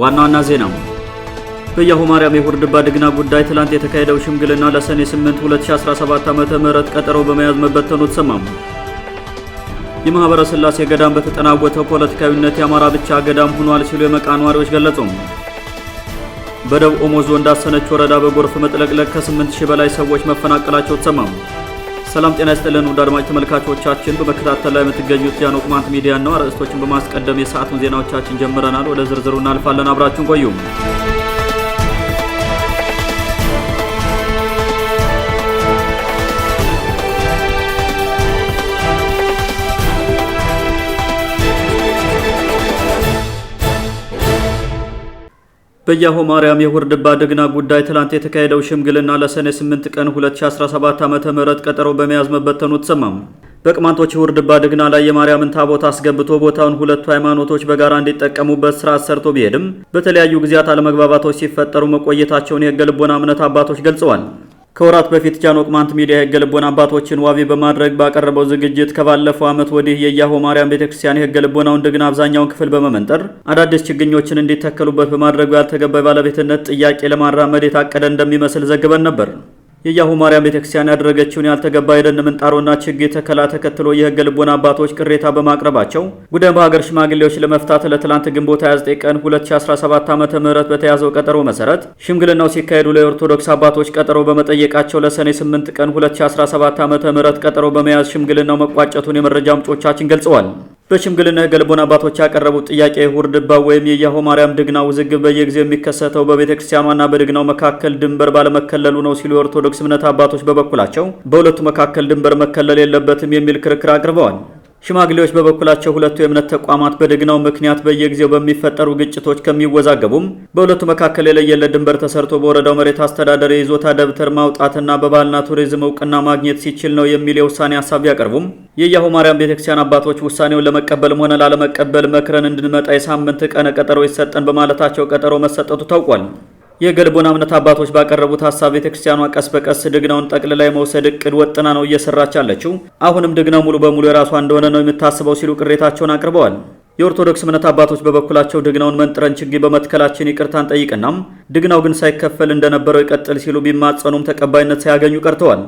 ዋና ዋና ዜና በየሁማር የሁር ድባ ድግና ጉዳይ ትላንት የተካሄደው ሽምግልና ለሰኔ 8 2017 ዓ.ም ቀጠሮ በመያዝ መበተኑ ተሰማሙ። የማህበረ ስላሴ ገዳም በተጠናወተው ፖለቲካዊነት የአማራ ብቻ ገዳም ሆኗል ሲሉ የመቃ ነዋሪዎች ገለጹም። በደቡብ ኦሞ ዞን ዳሰነች ወረዳ በጎርፍ መጥለቅለቅ ከ8000 በላይ ሰዎች መፈናቀላቸው ተሰማሙ። ሰላም ጤና ይስጥልን ውድ አድማጭ ተመልካቾቻችን፣ በመከታተል ላይ የምትገኙት ጃን ሚዲያ ነው። አርዕስቶችን በማስቀደም የሰዓቱን ዜናዎቻችን ጀምረናል። ወደ ዝርዝሩ እናልፋለን። አብራችሁን ቆዩም በያሁ ማርያም የሁርድ ድግና ጉዳይ ትላንት የተካሄደው ሽምግልና ለሰኔ 8 ቀን 2017 ዓ ም ቀጠሮ በመያዝ መበተኑ ተሰማም። በቅማንቶች የሁርድ ባድግና ላይ የማርያምን ታቦት አስገብቶ ቦታውን ሁለቱ ሃይማኖቶች በጋራ እንዲጠቀሙበት ስርዓት አሰርቶ ቢሄድም በተለያዩ ጊዜያት አለመግባባቶች ሲፈጠሩ መቆየታቸውን የህገ ልቦና እምነት አባቶች ገልጸዋል። ከወራት በፊት ጃን ቅማንት ሚዲያ የህገ ልቦና አባቶችን ዋቢ በማድረግ ባቀረበው ዝግጅት ከባለፈው ዓመት ወዲህ የያሆ ማርያም ቤተክርስቲያን የህገ ልቦናውን እንደገና አብዛኛውን ክፍል በመመንጠር አዳዲስ ችግኞችን እንዲተከሉበት በማድረጉ ያልተገባ ባለቤትነት ጥያቄ ለማራመድ የታቀደ እንደሚመስል ዘግበን ነበር። የያሁ ማርያም ቤተክርስቲያን ያደረገችውን ያልተገባ የደን ምንጣሮና ችግኝ ተከላ ተከትሎ የህገ ልቦና አባቶች ቅሬታ በማቅረባቸው ጉዳይ በሀገር ሽማግሌዎች ለመፍታት ለትላንት ግንቦት 29 ቀን 2017 ዓ ም በተያዘው ቀጠሮ መሰረት ሽምግልናው ሲካሄዱ ለኦርቶዶክስ አባቶች ቀጠሮ በመጠየቃቸው ለሰኔ 8 ቀን 2017 ዓ ም ቀጠሮ በመያዝ ሽምግልናው መቋጨቱን የመረጃ ምንጮቻችን ገልጸዋል። በሽምግልና የገልቦን አባቶች ያቀረቡት ጥያቄ ውርድባ ወይም የያሆ ማርያም ድግና ውዝግብ በየጊዜው የሚከሰተው በቤተ ክርስቲያኗና በድግናው መካከል ድንበር ባለመከለሉ ነው ሲሉ የኦርቶዶክስ እምነት አባቶች በበኩላቸው በሁለቱ መካከል ድንበር መከለል የለበትም የሚል ክርክር አቅርበዋል። ሽማግሌዎች በበኩላቸው ሁለቱ የእምነት ተቋማት በድግናው ምክንያት በየጊዜው በሚፈጠሩ ግጭቶች ከሚወዛገቡም በሁለቱ መካከል የለየለ ድንበር ተሰርቶ በወረዳው መሬት አስተዳደር የይዞታ ደብተር ማውጣትና በባህልና ቱሪዝም እውቅና ማግኘት ሲችል ነው የሚል የውሳኔ ሀሳብ ቢያቀርቡም የኢያሆ ማርያም ቤተክርስቲያን አባቶች ውሳኔውን ለመቀበልም ሆነ ላለመቀበል መክረን እንድንመጣ የሳምንት ቀነ ቀጠሮ ይሰጠን በማለታቸው ቀጠሮ መሰጠቱ ታውቋል። የገልቦና እምነት አባቶች ባቀረቡት ሀሳብ ቤተክርስቲያኗ ቀስ በቀስ ድግናውን ጠቅልላ የመውሰድ እቅድ ወጥና ነው እየሰራች ያለችው። አሁንም ድግናው ሙሉ በሙሉ የራሷ እንደሆነ ነው የምታስበው ሲሉ ቅሬታቸውን አቅርበዋል። የኦርቶዶክስ እምነት አባቶች በበኩላቸው ድግናውን መንጥረን ችግኝ በመትከላችን ይቅርታን ጠይቅናም ድግናው ግን ሳይከፈል እንደነበረው ይቀጥል ሲሉ ቢማጸኑም ተቀባይነት ሳያገኙ ቀርተዋል።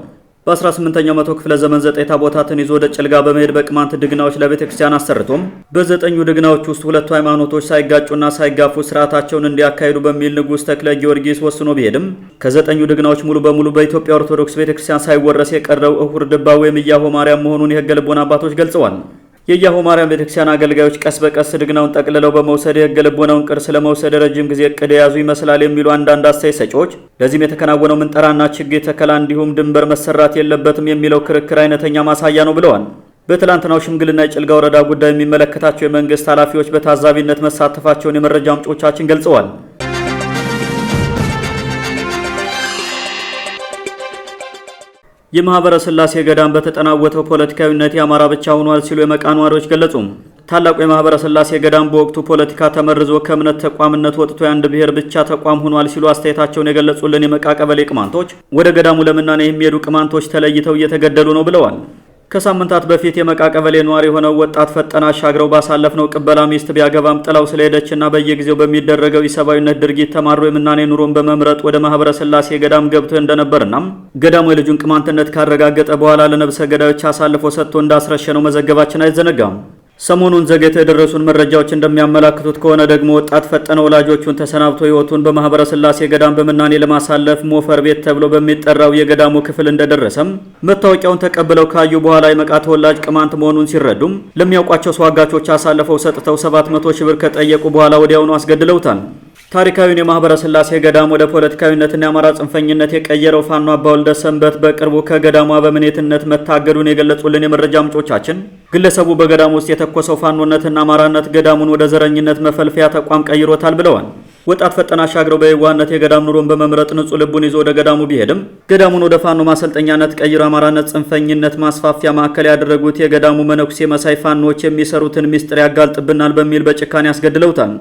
በ18ኛው መቶ ክፍለ ዘመን ዘጠኝ ታቦታትን ይዞ ወደ ጭልጋ በመሄድ በቅማንት ድግናዎች ለቤተ ክርስቲያን አሰርቶም በዘጠኙ ድግናዎች ውስጥ ሁለቱ ሃይማኖቶች ሳይጋጩና ሳይጋፉ ስርዓታቸውን እንዲያካሂዱ በሚል ንጉሥ ተክለ ጊዮርጊስ ወስኖ ቢሄድም ከዘጠኙ ድግናዎች ሙሉ በሙሉ በኢትዮጵያ ኦርቶዶክስ ቤተ ክርስቲያን ሳይወረስ የቀረው እሁር ድባ ወይም እያሆ ማርያም መሆኑን የሕገ ልቦና አባቶች ገልጸዋል። የኢያሆ ማርያም ቤተክርስቲያን አገልጋዮች ቀስ በቀስ ድግናውን ጠቅልለው በመውሰድ የሕገ ልቦናውን ቅርስ ለመውሰድ ረጅም ጊዜ እቅድ የያዙ ይመስላል የሚሉ አንዳንድ አስተያየት ሰጪዎች ለዚህም የተከናወነው ምንጠራና ችግኝ ተከላ እንዲሁም ድንበር መሰራት የለበትም የሚለው ክርክር አይነተኛ ማሳያ ነው ብለዋል። በትላንትናው ሽምግልና የጭልጋ ወረዳ ጉዳይ የሚመለከታቸው የመንግስት ኃላፊዎች በታዛቢነት መሳተፋቸውን የመረጃ ምንጮቻችን ገልጸዋል። የማህበረ ስላሴ ገዳም በተጠናወተው ፖለቲካዊነት የአማራ ብቻ ሆኗል ሲሉ የመቃ ነዋሪዎች ገለጹ። ታላቁ የማህበረ ስላሴ ገዳም በወቅቱ ፖለቲካ ተመርዞ ከእምነት ተቋምነት ወጥቶ የአንድ ብሔር ብቻ ተቋም ሆኗል ሲሉ አስተያየታቸውን የገለጹልን የመቃ ቀበሌ ቅማንቶች ወደ ገዳሙ ለምናኔ የሚሄዱ ቅማንቶች ተለይተው እየተገደሉ ነው ብለዋል። ከሳምንታት በፊት የመቃ ቀበሌ ነዋሪ የሆነው ወጣት ፈጠነ አሻግረው ባሳለፍነው ቅበላ ሚስት ቢያገባም ጥላው ስለሄደችና በየጊዜው በሚደረገው ኢሰብአዊነት ድርጊት ተማሮ የምናኔ ኑሮን በመምረጥ ወደ ማህበረ ስላሴ ገዳም ገብቶ እንደነበርና ገዳሙ የልጁን ቅማንትነት ካረጋገጠ በኋላ ለነብሰ ገዳዮች አሳልፎ ሰጥቶ እንዳስረሸነው መዘገባችን አይዘነጋም። ሰሞኑን ዘገት የደረሱን መረጃዎች እንደሚያመላክቱት ከሆነ ደግሞ ወጣት ፈጠነ ወላጆቹን ተሰናብቶ ህይወቱን በማኅበረ ስላሴ ገዳም በምናኔ ለማሳለፍ ሞፈር ቤት ተብሎ በሚጠራው የገዳሙ ክፍል እንደደረሰም መታወቂያውን ተቀብለው ካዩ በኋላ የመቃ ተወላጅ ቅማንት መሆኑን ሲረዱም ለሚያውቋቸው ሰው አጋቾች አሳልፈው ሰጥተው 700 ሺህ ብር ከጠየቁ በኋላ ወዲያውኑ አስገድለውታል። ታሪካዊውን የማህበረ ስላሴ ገዳም ወደ ፖለቲካዊነትና የአማራ ጽንፈኝነት የቀየረው ፋኖ አባወልደ ሰንበት በቅርቡ ከገዳሙ አበምኔትነት መታገዱን የገለጹልን የመረጃ ምንጮቻችን ግለሰቡ በገዳሙ ውስጥ የተኮሰው ፋኖነትና አማራነት ገዳሙን ወደ ዘረኝነት መፈልፈያ ተቋም ቀይሮታል ብለዋል። ወጣት ፈጠና አሻግረው በየዋህነት የገዳም ኑሮን በመምረጥ ንጹህ ልቡን ይዞ ወደ ገዳሙ ቢሄድም ገዳሙን ወደ ፋኖ ማሰልጠኛነት ቀይሮ አማራነት ጽንፈኝነት ማስፋፊያ ማዕከል ያደረጉት የገዳሙ መነኩሴ መሳይ ፋኖዎች የሚሰሩትን ሚስጥር ያጋልጥብናል በሚል በጭካኔ ያስገድለውታል።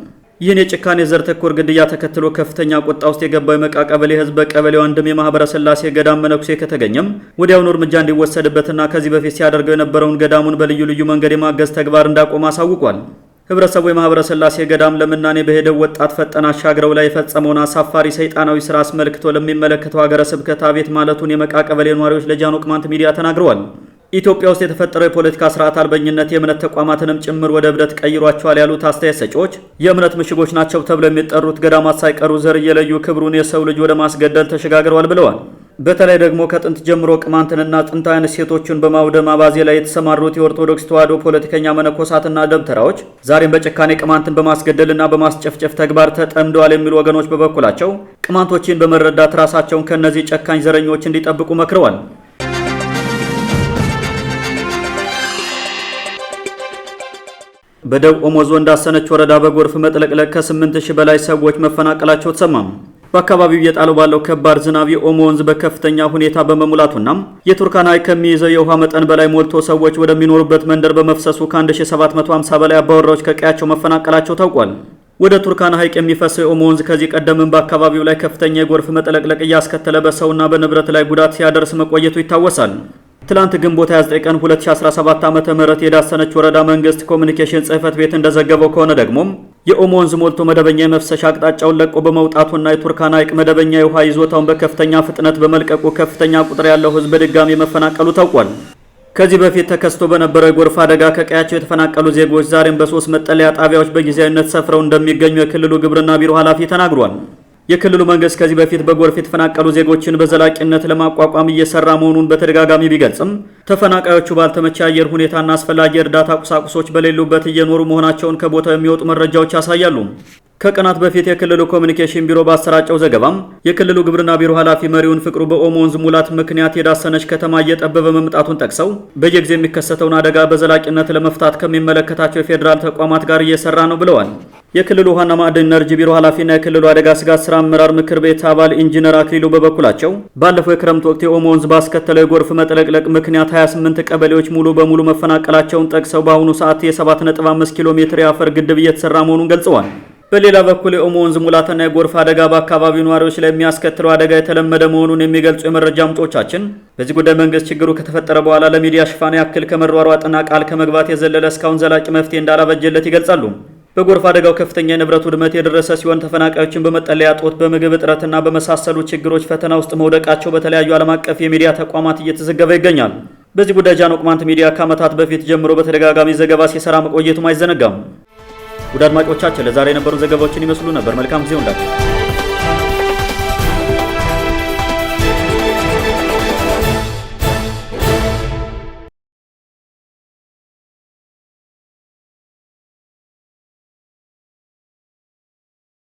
ይህን የጭካኔ ዘር ተኮር ግድያ ተከትሎ ከፍተኛ ቁጣ ውስጥ የገባው የመቃ ቀበሌ ህዝብ በቀበሌው አንድም የማህበረ ስላሴ ገዳም መነኩሴ ከተገኘም ወዲያውኑ እርምጃ እንዲወሰድበትና ከዚህ በፊት ሲያደርገው የነበረውን ገዳሙን በልዩ ልዩ መንገድ የማገዝ ተግባር እንዳቆመ አሳውቋል። ህብረተሰቡ የማህበረ ስላሴ ገዳም ለምናኔ በሄደው ወጣት ፈጠና አሻግረው ላይ የፈጸመውን አሳፋሪ ሰይጣናዊ ስራ አስመልክቶ ለሚመለከተው ሀገረ ስብከት አቤት ማለቱን የመቃ ቀበሌ ነዋሪዎች ለጃኖ ቅማንት ሚዲያ ተናግረዋል። ኢትዮጵያ ውስጥ የተፈጠረው የፖለቲካ ስርዓት አልበኝነት የእምነት ተቋማትንም ጭምር ወደ እብደት ቀይሯቸዋል ያሉት አስተያየት ሰጪዎች የእምነት ምሽጎች ናቸው ተብለው የሚጠሩት ገዳማት ሳይቀሩ ዘር እየለዩ ክብሩን የሰው ልጅ ወደ ማስገደል ተሸጋግረዋል ብለዋል። በተለይ ደግሞ ከጥንት ጀምሮ ቅማንትንና ጥንታውያን ሴቶችን በማውደም አባዜ ላይ የተሰማሩት የኦርቶዶክስ ተዋሕዶ ፖለቲከኛ መነኮሳትና ደብተራዎች ዛሬም በጭካኔ ቅማንትን በማስገደልና በማስጨፍጨፍ ተግባር ተጠምደዋል የሚሉ ወገኖች በበኩላቸው ቅማንቶችን በመረዳት ራሳቸውን ከእነዚህ ጨካኝ ዘረኞች እንዲጠብቁ መክረዋል። በደቡብ ኦሞ ዞን ዳሰነች ወረዳ በጎርፍ መጥለቅለቅ ከ8 ሺህ በላይ ሰዎች መፈናቀላቸው ተሰማም። በአካባቢው እየጣሉ ባለው ከባድ ዝናብ የኦሞ ወንዝ በከፍተኛ ሁኔታ በመሙላቱና የቱርካን ሐይቅ ከሚይዘው የውሃ መጠን በላይ ሞልቶ ሰዎች ወደሚኖሩበት መንደር በመፍሰሱ ከ1750 በላይ አባወራዎች ከቀያቸው መፈናቀላቸው ታውቋል። ወደ ቱርካን ሐይቅ የሚፈሰው የኦሞ ወንዝ ከዚህ ቀደምም በአካባቢው ላይ ከፍተኛ የጎርፍ መጥለቅለቅ እያስከተለ በሰውና በንብረት ላይ ጉዳት ሲያደርስ መቆየቱ ይታወሳል። ትላንት ግንቦት 29 ቀን 2017 ዓመተ ምህረት የዳሰነች ወረዳ መንግስት ኮሚኒኬሽን ጽህፈት ቤት እንደዘገበው ከሆነ ደግሞ የኦሞ ወንዝ ሞልቶ መደበኛ የመፍሰሻ አቅጣጫውን ለቆ በመውጣቱና የቱርካና ሐይቅ መደበኛ የውሃ ይዞታውን በከፍተኛ ፍጥነት በመልቀቁ ከፍተኛ ቁጥር ያለው ህዝብ በድጋሚ መፈናቀሉ ታውቋል። ከዚህ በፊት ተከስቶ በነበረው የጎርፍ አደጋ ከቀያቸው የተፈናቀሉ ዜጎች ዛሬም በሶስት መጠለያ ጣቢያዎች በጊዜያዊነት ሰፍረው እንደሚገኙ የክልሉ ግብርና ቢሮ ኃላፊ ተናግሯል። የክልሉ መንግስት ከዚህ በፊት በጎርፍ የተፈናቀሉ ዜጎችን በዘላቂነት ለማቋቋም እየሰራ መሆኑን በተደጋጋሚ ቢገልጽም ተፈናቃዮቹ ባልተመቸ አየር ሁኔታና አስፈላጊ የእርዳታ ቁሳቁሶች በሌሉበት እየኖሩ መሆናቸውን ከቦታው የሚወጡ መረጃዎች ያሳያሉ። ከቀናት በፊት የክልሉ ኮሚኒኬሽን ቢሮ ባሰራጨው ዘገባም የክልሉ ግብርና ቢሮ ኃላፊ መሪውን ፍቅሩ በኦሞ ወንዝ ሙላት ምክንያት የዳሰነች ከተማ እየጠበበ መምጣቱን ጠቅሰው በየጊዜ የሚከሰተውን አደጋ በዘላቂነት ለመፍታት ከሚመለከታቸው የፌዴራል ተቋማት ጋር እየሰራ ነው ብለዋል። የክልሉ ውሃና ማዕድን ኢነርጂ ቢሮ ኃላፊና የክልሉ አደጋ ስጋት ስራ አመራር ምክር ቤት አባል ኢንጂነር አክሊሉ በበኩላቸው ባለፈው የክረምት ወቅት የኦሞ ወንዝ ባስከተለው የጎርፍ መጥለቅለቅ ምክንያት 28 ቀበሌዎች ሙሉ በሙሉ መፈናቀላቸውን ጠቅሰው በአሁኑ ሰዓት የ7.5 ኪሎ ሜትር የአፈር ግድብ እየተሰራ መሆኑን ገልጸዋል። በሌላ በኩል የኦሞ ወንዝ ሙላትና የጎርፍ አደጋ በአካባቢው ነዋሪዎች ላይ የሚያስከትለው አደጋ የተለመደ መሆኑን የሚገልጹ የመረጃ ምንጮቻችን በዚህ ጉዳይ መንግስት ችግሩ ከተፈጠረ በኋላ ለሚዲያ ሽፋን ያክል ከመሯሯጥና ቃል ከመግባት የዘለለ እስካሁን ዘላቂ መፍትሄ እንዳላበጀለት ይገልጻሉ። በጎርፍ አደጋው ከፍተኛ የንብረት ውድመት የደረሰ ሲሆን ተፈናቃዮችን በመጠለያ ጦት፣ በምግብ እጥረትና በመሳሰሉ ችግሮች ፈተና ውስጥ መውደቃቸው በተለያዩ ዓለም አቀፍ የሚዲያ ተቋማት እየተዘገበ ይገኛል። በዚህ ጉዳይ ጃን ቅማንት ሚዲያ ከዓመታት በፊት ጀምሮ በተደጋጋሚ ዘገባ ሲሰራ መቆየቱም አይዘነጋም። ውድ አድማጮቻችን ለዛሬ የነበሩ ዘገባዎችን ይመስሉ ነበር። መልካም ጊዜ ሁንዳችሁ